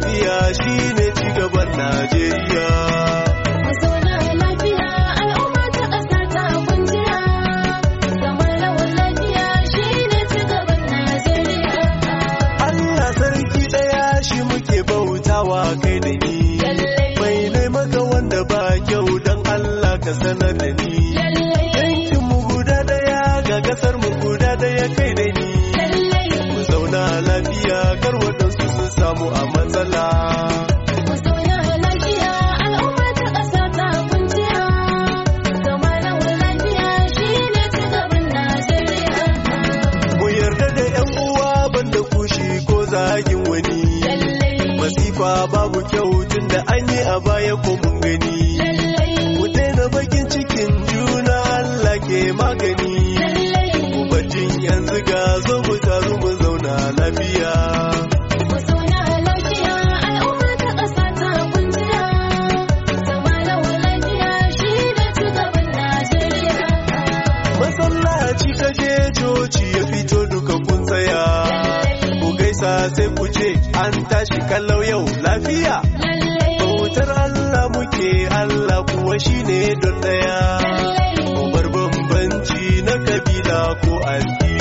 lafiya shine ne don ɗaya, kamar bambanci na kabila ko addini.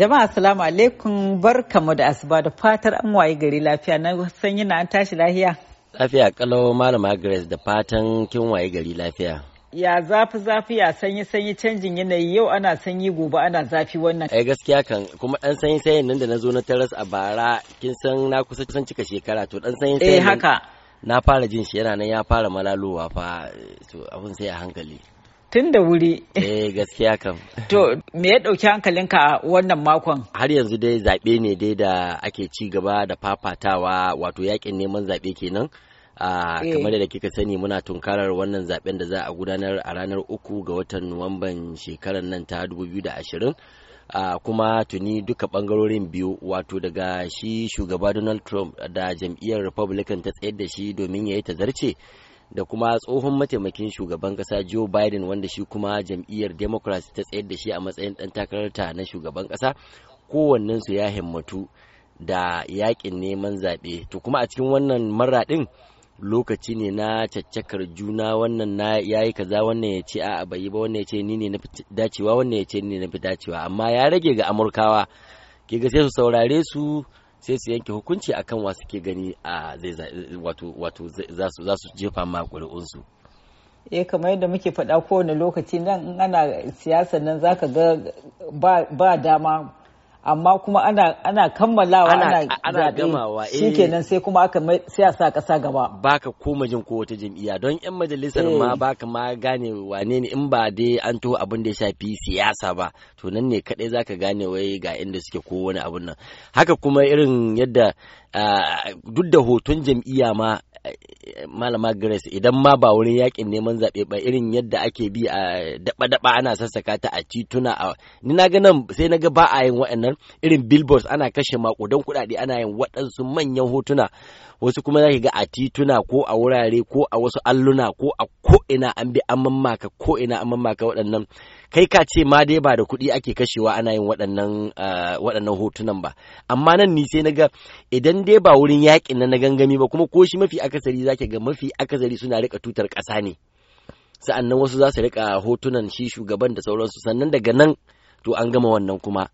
Jama'a assalamu alaikum barkamu da asuba da fatar an waye gari lafiya na san yana an tashi lafiya. Lafiya kalau malama Grace da fatan kin waye gari lafiya. Ya zafi zafi ya sanyi sanyi canjin yanayi yau ana sanyi gobe ana zafi wannan. ai eh, gaskiya kan kuma dan sanyi sanyin nan da na zo na taras a bara kin san na kusa kusan cika shekara to dan sanyi sanyin. Eh haka. Na fara jin shi yana nan ya fara malalowa fa eh, abun sai a hankali. tun da wuri. Eh gaskiya kam. To me ya ɗauki hankalinka a wannan makon? Har yanzu dai zaɓe ne dai da ake ci gaba da fafatawa wato yakin neman zaɓe kenan. Eh. kamar da kika sani muna tunkarar wannan zaɓen da za a gudanar a ranar uku ga watan nuwamban shekarar nan ta 2020 a kuma tuni duka bangarorin biyu wato daga shi shugaba donald trump da jam'iyyar republican ta tsayar da shi domin ya yi tazarce da kuma tsohon mataimakin shugaban kasa Joe Biden wanda shi kuma jam'iyyar Democrat ta tsayar da shi a matsayin ɗan takararta na shugaban kasa kowannensu ya himmatu da yakin neman zaɓe to kuma a cikin wannan maraɗin lokaci ne na caccakar juna wannan na ya yi kaza wannan ya ce a bai ba wannan ya ce ni ne na dacewa wannan ya ce ni ne na fi dacewa amma ya rage ga amurkawa ke ga sai su saurare su sai su yanke hukunci a kan wa suke gani a zai wato wato za su jefa ma ƙuri'unsu eh kamar yadda muke faɗa kowane lokaci nan in ana siyasa nan zaka ga ba dama amma kuma ana ana kammalawa ana ana gamawa eh shikenan sai kuma aka sai a sa kasa gaba baka koma jin ko wata jam'iyya don yan majalisar ma eh. baka ma gane wane ne in ba dai an to abin da ya shafi siyasa ba to nan ne kadai zaka gane wai ga inda suke ko wani abun nan haka kuma irin yadda ah, duk da hoton jam'iyya ma malama grace idan ma ba wurin yakin neman zaɓe ba irin yadda ake bi a daba-daba ana sassaka ta a tituna a ni na nan sai na ga ba a yin waɗannan irin billboards ana kashe makudan kuɗaɗe ana yin waɗansu manyan hotuna wasu kuma zaki ga a tituna ko a wurare ko a wasu alluna ko a ko ina an bi an mamaka ko ina an mamaka waɗannan kai ka ce ma dai ba da kuɗi ake kashewa ana yin waɗannan eh, waɗannan hotunan ba amma nan ni sai na ga idan dai ba wurin yakin na gangami ba kuma ko shi mafi akasari zaki ga mafi akasari suna rika tutar kasa ne sa'annan wasu za su rika hotunan shi shugaban da sauransu sannan daga nan to an gama wannan kuma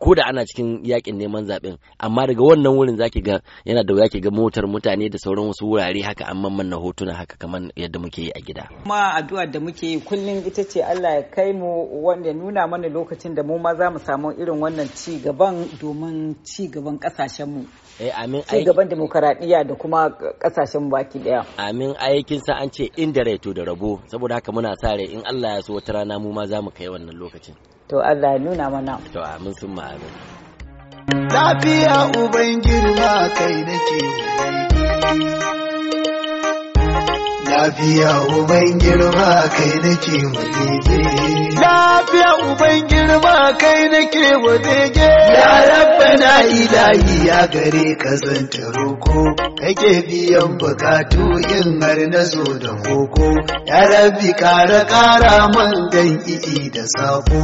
ko da ana cikin yakin neman zaɓen amma daga wannan wurin zaki ga yana da wuya ga motar mutane da sauran wasu wurare haka an na hotuna haka kamar yadda muke yi a gida. Kuma addu'a da muke yi kullum ita ce Allah ya kai mu wanda nuna mana lokacin da mu ma za mu samu irin wannan ci gaban domin ci gaban kasashen mu. eh amin demokaradiyya da kuma kasashen baki daya amin aikin sa an ce inda rai to da rabo saboda haka muna sa rai in Allah ya so wata rana mu ma za mu kai wannan lokacin to Allah ya nuna mana to amin sun ma amin lafiya uban girma kai nake Lafiya uban girma kai nake wadege. Lafiya uban girma kai nake wadege. Ya rabbana ilahi ya gare ka zanta roko. Kake biyan bukatu in har na zo da koko. Ya rabbi kara kara man dan i'i da sako.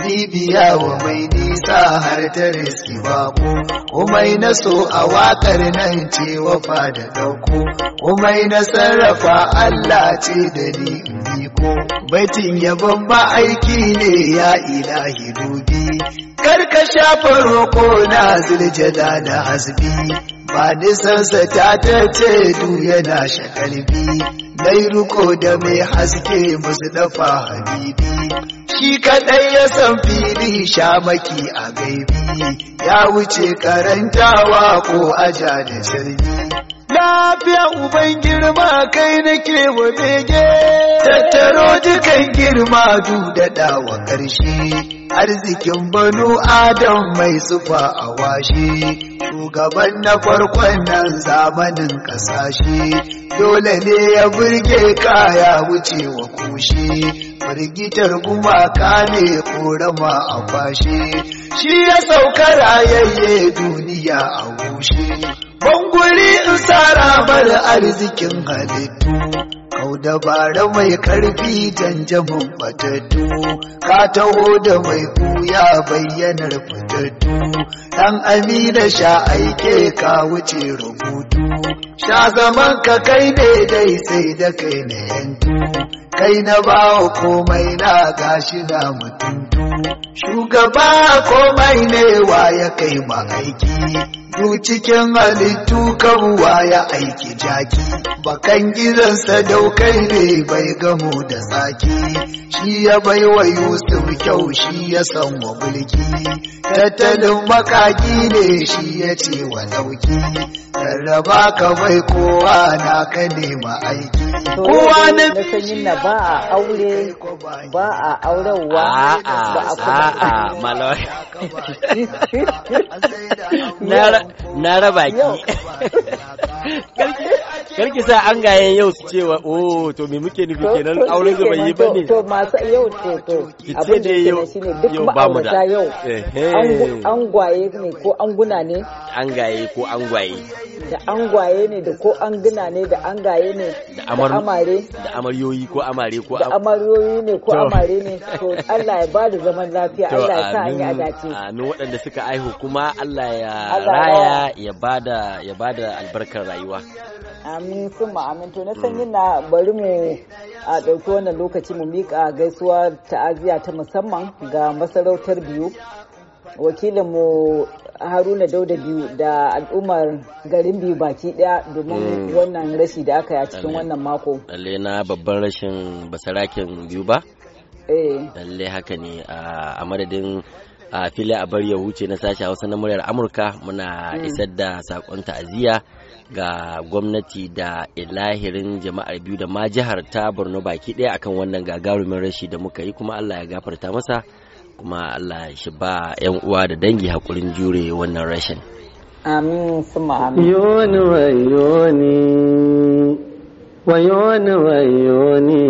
Bibiya wa mai nisa har ta riski bako. Kumai na so a wakar nan ce wafa da dauko. Kumai na sarrafa Allah ce da ni iko baitin yabon ba aiki ne ya ilahi dubi karka shafa roko na ziljada da hasbi ba sansa ta tace du yana shakalbi mai ruko da mai haske musu dafa habibi shi kaɗai ya san fili shamaki a gaibi ya wuce karantawa ko aja da jirgi lafiya uban girma kai nake wa bege tattaro dukan girma dudada wa ƙarshe arzikin banu adam mai sufa a washe shugaban na farkon nan zamanin ƙasashe dole ne ya burge kaya wuce wa kushe firgitar gumaka ne korama a fashe shi ya sauka rayayye duniya a gushe Banguri in bar arzikin halittu, kau dabara mai karfi janjamin fatattu, ka taho da mai kuya bayyanar fatattu ɗan amina sha aike ka wuce rubutu, sha zaman ka kai daidai sai da kai na yanku. kai na bawa komai na gashi na mutuntu shugaba komai ne wa ya kai ma aiki du cikin halittu wa ya aiki jaki bakan gidansa daukai ne bai gamo da tsaki shi ya bai wa yusuf kyau shi ya san wa mulki tattalin makaki ne shi ya ce wa lauki. rarraba ka bai kowa na ka nema aiki kowa na ba a aure ba a aurewa ba a kuma a malawai na raba ki karki sa an gayen yau su cewa oh to me muke nufi kenan auren zuba yi ba ne to masu yau to to abin da yau ne duk ma'aurata yau an gwaye ne ko an guna ne an gaye ko an gwaye da an gwaye ne da ko an guna ne da an gaye ne da amare da amaryoyi ko amare ko da amaroyi ne ko amare ne to Allah ya ba da zaman lafiya Allah ya sa an yi To amin waɗanda suka aihu kuma Allah ya raya ya bada ya bada albarkar rayuwa amin sun amin to na san yana bari mu a ɗauki wannan lokaci mu miƙa gaisuwa ta'aziyya ta musamman ga masarautar biyu Wakilin mu haruna dauda biyu da al'ummar garin biyu baki daya domin mm. wannan rashi da aka yi a cikin wannan mako lalle na babban rashin basarakin biyu ba eh. lalle haka ne a madadin a fili a bar ya huce na sashi hausa na muryar amurka muna mm. isar da sakon ta'aziyya ga gwamnati da ilahirin jama'ar biyu da ma jihar ta borno baki daya akan wannan gagarumin rashi da muka yi kuma allah ya gafarta masa kuma Allah shi ba 'yan uwa da dangi haƙurin jure wannan rashin. Amin suma amin. Yoni wayoni, wayoni wayoni,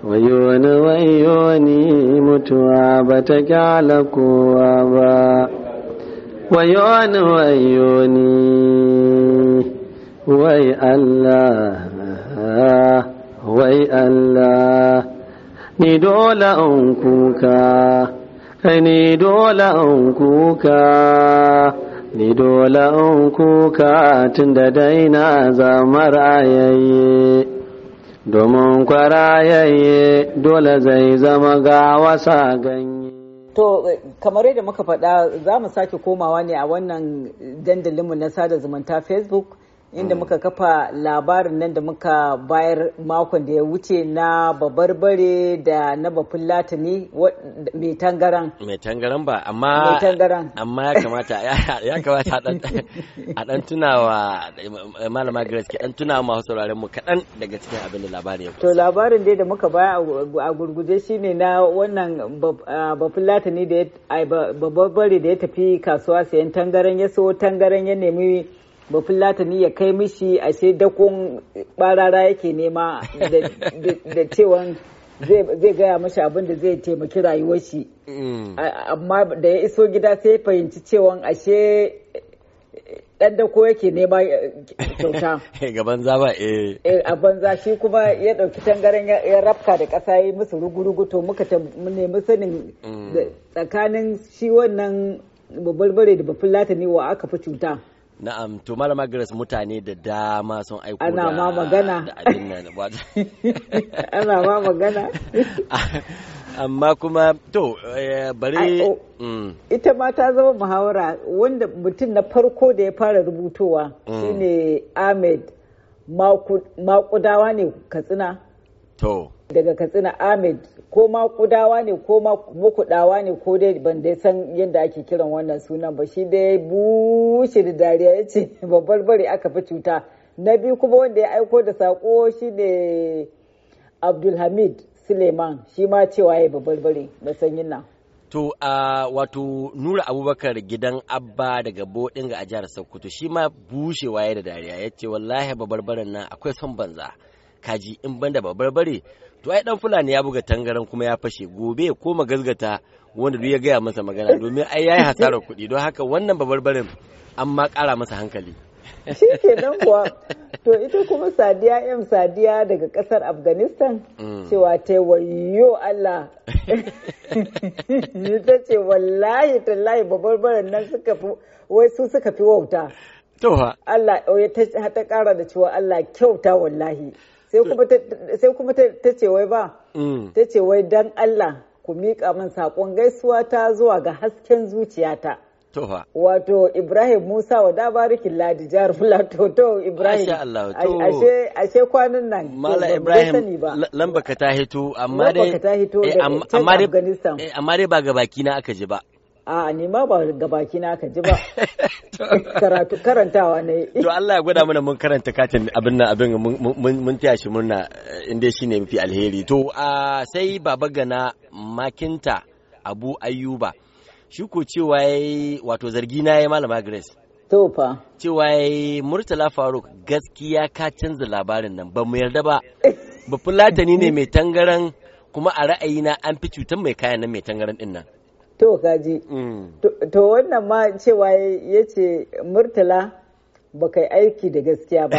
wayoni wayoni mutuwa ba ta kyala kowa ba. Wayoni wayoni, wai Allah, wai Allah. ni dole an kuka ni dole an kuka ni dole an kuka tun da daina zamar ayayye domin kwarayayye dole zai zama ga wasa ganye to kamar yadda muka faɗa za mu sake komawa ne a wannan dandalinmu na sada zumunta facebook inda hmm. muka kafa labarin nan da muka bayar makon da ya wuce na babarbare da na bafin latini mai tangaran mai tangaran ba amma amma ya kamata ya kamata a dan tunawa malama grace ke dan tunawa masu sauraren mu kadan daga cikin abin da labarin ya to labarin dai da muka baya a gurguje shine na wannan bafin latini da ya babarbare da ya tafi kasuwa sayan tangaran ya so tangaran ya nemi bafin latani ya kai mishi a sai dakon barara yake nema da cewan zai gaya mashi abin da zai taimaki rayuwar shi mm. amma da ya iso gida sai ya fahimci cewan ashe dan dako yake nema eh, kyauta eh, gaban zaba eh. eh a banza shi kuma ya ɗauki tangaren ya rafka da kasa yi musu rugurugu to muka nemi sanin mm. tsakanin shi wannan babbar bare da bafin latani wa aka fi cuta Na'am, to Malama Grace mutane da dama sun aiko da Ana magana. Ana ma magana. Amma kuma to eh, bari oh, mm. ita ma ta zama muhawara wanda mutum na farko da ya fara rubutowa mm. shine Ahmed makudawa ne Katsina. To. daga katsina ahmed ko ma kudawa ne ko ma mukudawa ne ko dai ban dai san yadda ake kiran wannan sunan ba shi dai bushe da dariya ya ce babbar bari aka fi cuta na biyu kuma wanda ya aiko da sako shi ne abdulhamid suleiman shi ma cewa ya babbar bari da sanyin nan To a wato Nura Abubakar gidan Abba daga boɗin a jihar Sokoto shi ma bushewa ya da dariya ya ce wallahi babarbaran nan akwai son banza kaji in banda bari to ai dan fulani ya buga tangaran kuma ya fashe gobe ya koma gazgata wanda duk ya gaya masa magana domin ai yayi hasarar kuɗi don haka wannan babarbarin an ma ƙara masa hankali shi ke nan kuwa to ita kuma sadiya m sadiya daga kasar afghanistan mm. cewa ta wayo allah ta ce wallahi tallahi babarbarin nan suka fi wai su suka fi wauta Allah ya ta kara da cewa Allah kyauta wallahi. sai kuma ta ce wai ba mm. ta ce wai dan Allah ku miƙa min saƙon gaisuwa ta zuwa ga hasken zuciyata wato Ibrahim Musa wa dabarikin Ladi jihar Filato to Ibrahim ashe kwanan nan Mala eh, Ibrahim lamba ka ta hito amma dai amma dai ba ga baki na aka ji ba A'a ni ma ba gabaki na ka ji ba. Karatu karantawa ne. To Allah ya gwada mana mun karanta katin abin nan abin mun taya shi murna eh, inda shi ne mafi alheri. To sai baba gana makinta Abu Ayyuba. Shi ko cewa yayi wato zargi na yayi malama Grace. To fa. Cewa yayi Murtala Faruk gaskiya ka canza labarin nan ba mu yarda ba. Bafulatani ne mai tangaran kuma a ra'ayina an fi cutar mai kayan nan mai tangaran din nan. to kaji mm. to wannan ma cewa ya ce murtala ba kai aiki da gaskiya ba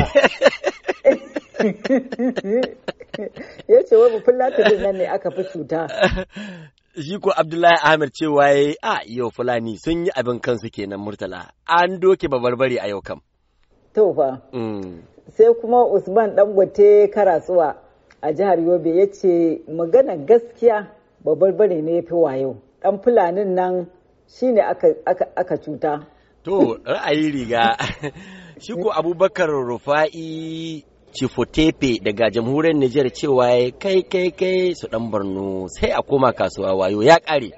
ya ce wai fulatani nan ne aka fi cuta shi ko Abdullahi Ahmed cewa ya yi a yau Fulani sun yi abin kansu kenan Murtala an doke babarbare a yau kam. To fa. Mm. Sai kuma Usman Dangote Karasuwa a jihar Yobe ya ce magana gaskiya babarbare ne ya fi wayo. ɗan fulanin nan shi ne aka cuta. To ra'ayi riga shi ko Abubakar Rufa'i Cifotepe daga jamhuriyar Nijar cewa kai kai kai su ɗan barno, sai a koma kasuwa wayo ya ƙare.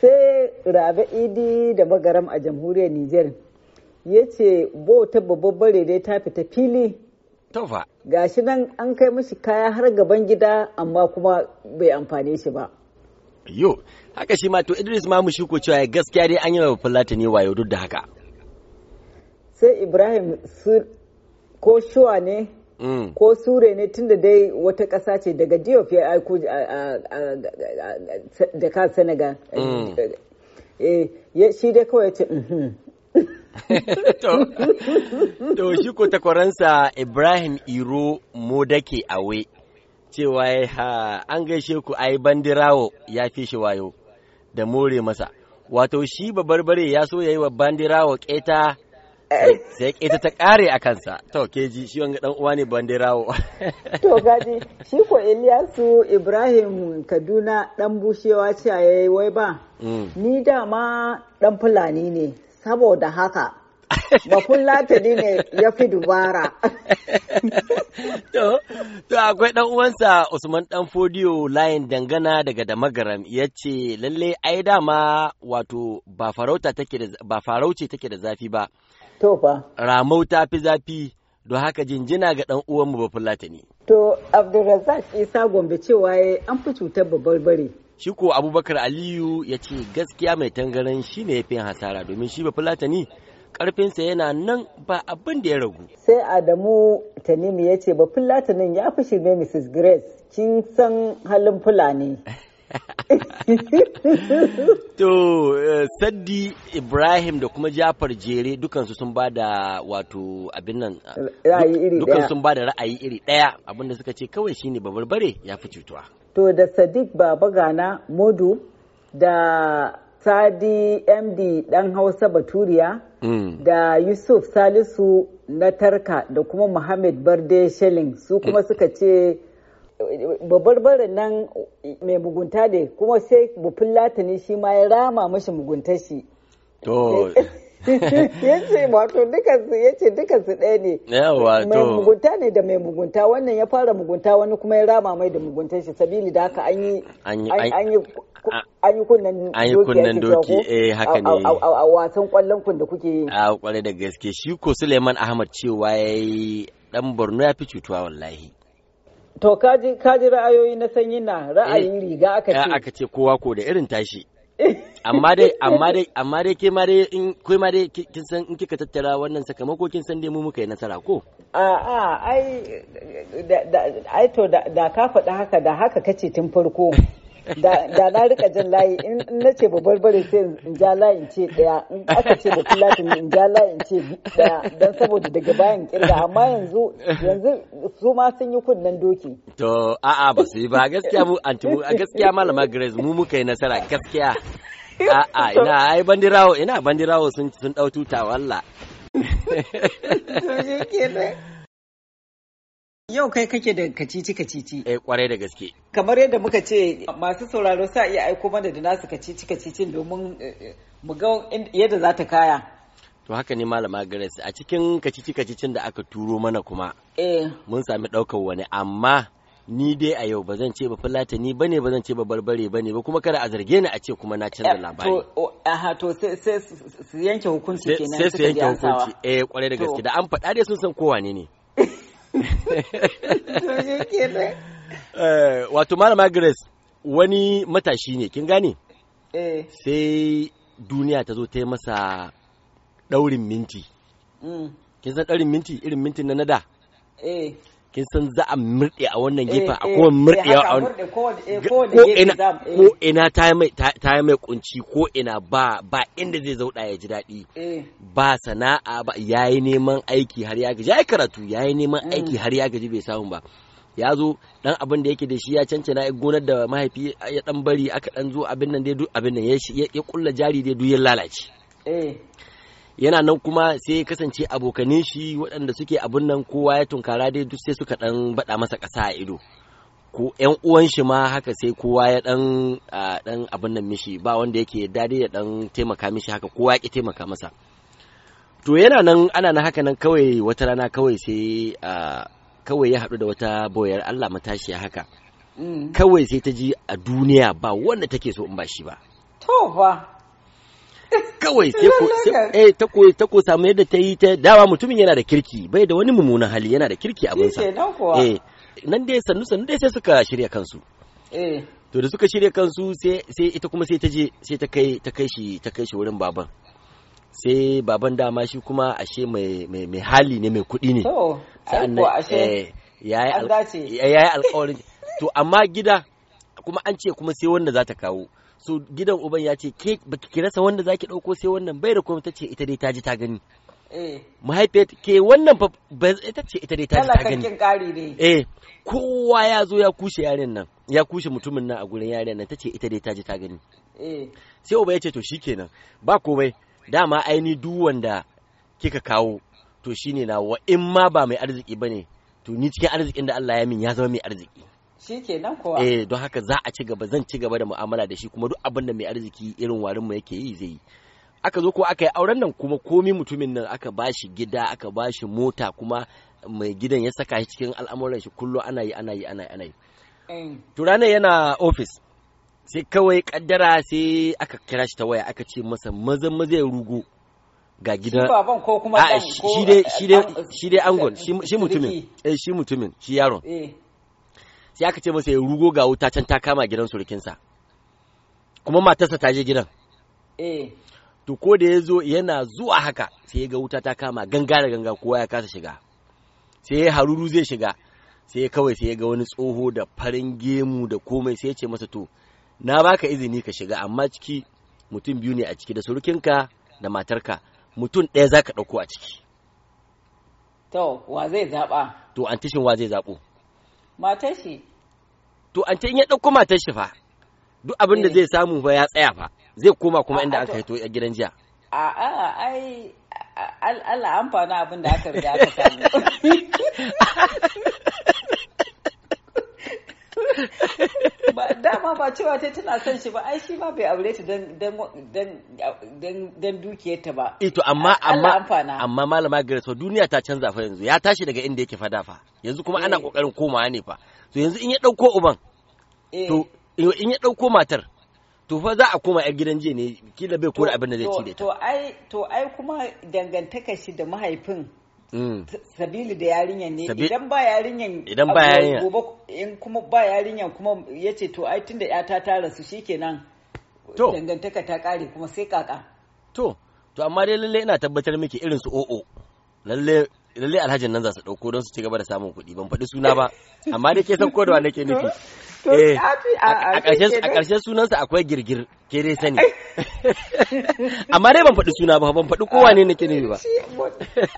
sai Rabe Idi da Magaram a jamhuriyar Nijar ya ce bauta babbar dai ta fita fili. Tofa. Gashi nan an kai mashi kaya har gaban gida amma kuma bai amfane shi ba. yo haka shi ma to idris ma mu shiko cewa gaskiya dai an yi wa ne wayo duk da haka sai ibrahim sur ko shuwa ne mm. ko sure ne tunda dai wata ƙasa ce daga diop ya aiko da ka senegal mm. eh, eh shi dai kawai ya ce mm to shi ko takwaransa ibrahim iro modake awe cewa an gaishe ku ai bandirawo ya fi shi wayo da more masa wato shi babarbare ya so ya yi wa bandirawo keta sai keta ta kare a kansa to keji shi wanga dan uwa ne bandirawo to gaji shi ko Ilyasu Ibrahim Kaduna dan bushewa ce yayi wai ba mm. ni dama dan fulani ne saboda haka bakun latani ne ya fi dubara to akwai ɗan uwansa Usman dan Fodiyo layin dangana daga da magaram ya ce lalle ai dama wato ba farauta take da ba da zafi ba to fa ramau ta fi zafi don haka jinjina ga ɗan uwanmu ba latani. to Abdulrazak Isa Gombe cewa an fi cutar babbar bare shi ko abubakar aliyu ya ce gaskiya mai tangaran shi ne ya fi hasara domin shi ba fulatani karfinsa yana nan ba abin da ya ragu. Sai Adamu Tanimu ya ce ba ta nan ya fi shirme Mrs. Grace kin san halin Fulani. to eh, saddi ibrahim da kuma jafar jere dukansu sun ba da wato abin nan ah, dukansu sun ba da ra'ayi iri daya abinda suka ce kawai shine babarbare ya fi cutuwa to da sadiq baba gana modu da sadi md ɗan hausa baturiya hmm. da yusuf salisu na tarka da kuma muhammad barde shelling su kuma hmm. suka ce babarbarin nan mai mugunta ne kuma sai bufin latani shi ma ya rama mashi muguntashi. shi yace wato dukansu yace dukansu ɗaya ne mai mugunta ne da mai mugunta wannan ya fara mugunta wani kuma ya rama mai da muguntar shi sabili da haka an yi an yi kunnen an yi kunnan doki eh haka ne a wasan kwallon kun da kuke yi a kwarai da gaske shi ko Suleiman Ahmad cewa yayi dan Borno ya fi cutuwa wallahi to kaji kaji ra'ayoyi na sanyi na ra'ayin eh, riga aka ce aka ce kowa ko da irin tashi amma dai amma dai amma dai ke ma dai in kai ma dai kin san in kika tattara wannan sakamako kin san dai mu muka yi nasara ko a a ai ai to da ka faɗa haka da haka kace tun farko da na rika jan layi in na ce babbar bare sai in ja layin ce daya in aka ce da filatin in ja layin ce daya don saboda daga bayan kirga amma yanzu yanzu su ma sun yi kunnen doki to a'a ba su yi ba gaskiya mu antu gaskiya malama grace mu muka yi nasara gaskiya A'a ina ai bandirawo ina bandirawo sun sun dau tuta walla. Yau kai kake da kacici kacici. Eh kwarai da gaske. Kamar yadda muka ce masu sauraro sa iya aiko mana da nasu kacici kacicin domin eh, mu ga yadda za ta kaya. To haka ne malama Grace a cikin kacici kacicin da aka turo mana kuma. Eh. Mun sami ɗaukar wani amma ni dai a yau ba zan ce ba fulata ni bane ba zan ce ba barbare bane ba kuma kada a zarge ni a ce kuma na canza eh, labari to aha to sai su yanke hukunci kenan sai su yanke hukunci eh kwarai da gaske da an faɗa dai sun san kowa ne ne eh, wato malama grace wani matashi ne kin gane eh. sai duniya ta zo ta yi masa daurin minti mm. kin san daurin minti irin mintin na nada kin san za a murɗe a wannan eh, gefen a eh, kowane murɗe eh, a wannan ko ina ta yi mai kunci ko ina ba ba inda zai zauɗa ya ji daɗi ba sana'a ba ya yi neman aiki har ya gaji ya yi karatu ya yi neman mm. aiki har ya gaji bai samu ba ya zo dan abin da yake da shi ya cancana ya gonar da mahaifi ya dan bari aka dan zo abin nan dai abin nan ya kulla jari dai duk ya lalace yana nan kuma sai ya kasance abokane shi waɗanda suke abun nan kowa ya tunkara dai duk sai suka ɗan baɗa masa ƙasa a ido ko ƴan uwan shi ma haka sai kowa ya ɗan ɗan abun nan mishi ba wanda yake dai ya ɗan taimaka mishi haka kowa ya taimaka masa to yana nan ana na haka nan kawai wata rana kawai sai kawai ya haɗu da wata boyar Allah matashiya haka mm. kawai sai ta ji a duniya ba wanda take so in ba shi ba to fa kawai sai eh, ta ta ko samu yadda ta yi ta dawa mutumin yana da kirki bai da wani mummunan hali yana da kirki abinsa eh nan dai sannu sannu dai sai suka shirya kansu eh to da suka shirya kansu sai sai ita kuma sai ta je sai ta kai ta kai shi ta kai shi wurin baban sai baban dama shi kuma ashe mai mai hali ne mai kuɗi ne to nan eh, ya yayi alƙawarin to amma gida kuma an ce kuma sai wanda za ta kawo so gidan uban ya ce ke baki ki rasa wanda zaki dauko sai wannan bai da kuma tace ita dai ta ji ta gani eh. mahaifiyar ke wannan fa ita ce ita dai ta ji ta gani eh kowa ya zo ya kushe yaren nan ya kushe mutumin nan a gurin yaren nan tace ita dai ta ji ta gani eh. sai uba ya ce to shikenan ba komai dama aini duk wanda kika kawo to shine na wa in ma ba mai arziki bane to ni cikin arzikin da Allah ya min ya zama mai arziki shi ke nan kowa eh don haka za a ci gaba zan ci gaba da mu'amala da shi kuma duk abin da mai arziki irin warin mu yake yi zai yi aka zo ko aka yi auren nan kuma komi mutumin nan aka bashi gida aka bashi mota kuma mai gidan ya saka shi cikin al'amuran shi kullum ana yi ana yi ana yi ana yi eh. to ranar yana ofis sai kawai kaddara sai aka kira shi ta waya aka ce masa maza maza ya rugo ga gidan baban ko kuma shi dai shi angon shi mutumin eh, shi mutumin shi yaron eh. sai aka ce masa ya rugo ga wuta can ta kama gidan surukinsa kuma matarsa ta je gidan eh to ko da ya zo yana zuwa haka sai ya ga wuta ta kama ganga da ganga kowa ya kasa shiga sai ya haruru zai shiga sai kawai sai ya ga wani tsoho da farin gemu da komai sai ya ce masa to na baka izini ka shiga amma ciki mutum biyu ne a ciki da surukinka da matarka mutum ɗaya za ka ɗauko a ciki to wa zai zaɓa to antishin wa zai zaɓo matar shi to an ce in ya ɗauko matar shi fa duk abin da eh. zai samu fa ya tsaya fa zai koma kuma inda aka to a gidan jiya a a ai Allah amfana abin da aka riga aka samu dama ba cewa ta tana son shi ba ai shi ma bai aure ta dan dukiyarta ba eh to amma amma amma malama gare so duniya ta canza fa yanzu ya tashi daga inda yake fada fa yanzu kuma ana eh. kokarin komawa ne fa to yanzu in ya dauko uban eh. to in ya dauko matar to fa za a koma yar gidan jiya ne kila bai kore abin da zai ci da ita to ai to ai kuma dangantaka shi da mahaifin Mm. sabili da yarinyan ne idan ba yarinyan idan ba yarinyan gobe in kuma ba yarinyan kuma yace to ai tunda yata ta rasu shikenan to dangantaka ta kare kuma sai kaka to to amma dai lalle ina tabbatar miki irin su o'o lalle lalle alhajin nan za su dauko don su ci gaba da samun kuɗi ban faɗi suna ba amma dai ke san ko da wa nake nufi Eh, a ƙarshen sunansa akwai girgir ke dai sani amma dai ban faɗi suna ba ban faɗi kowa ne nake nufi ba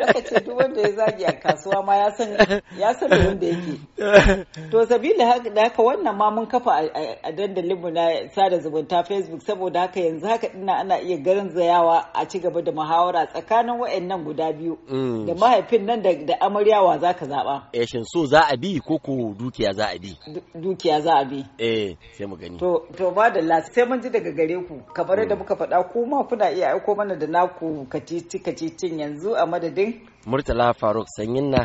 aka ce duk wanda ya zagi a kasuwa ma ya san ya san da wanda yake to sabila da haka wannan ma mun kafa a dandalin mu na sada zumunta facebook saboda haka yanzu haka ina ana iya garin zayawa a ci gaba da muhawara tsakanin wayannan guda biyu mm. da mahaifin nan da amaryawa zaka zaba eh shin so za a bi ko ko dukiya za a bi dukiya za za a bi eh sai mu gani to to ba da la sai mun ji daga gare ku kamar yadda mm. muka faɗa ku ma kuna iya aiko mana da naku kacici kacicin yanzu a madadin murtala faruk sanyin na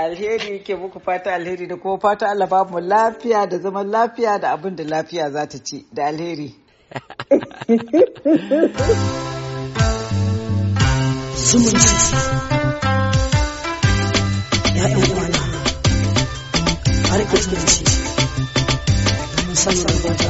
alheri ke muku fata alheri da kuma fata Allah ba mu lafiya da zaman lafiya da abin da lafiya za ta ci da alheri. Zumunci ya ɗan kwana har ke zumunci. 三两步走。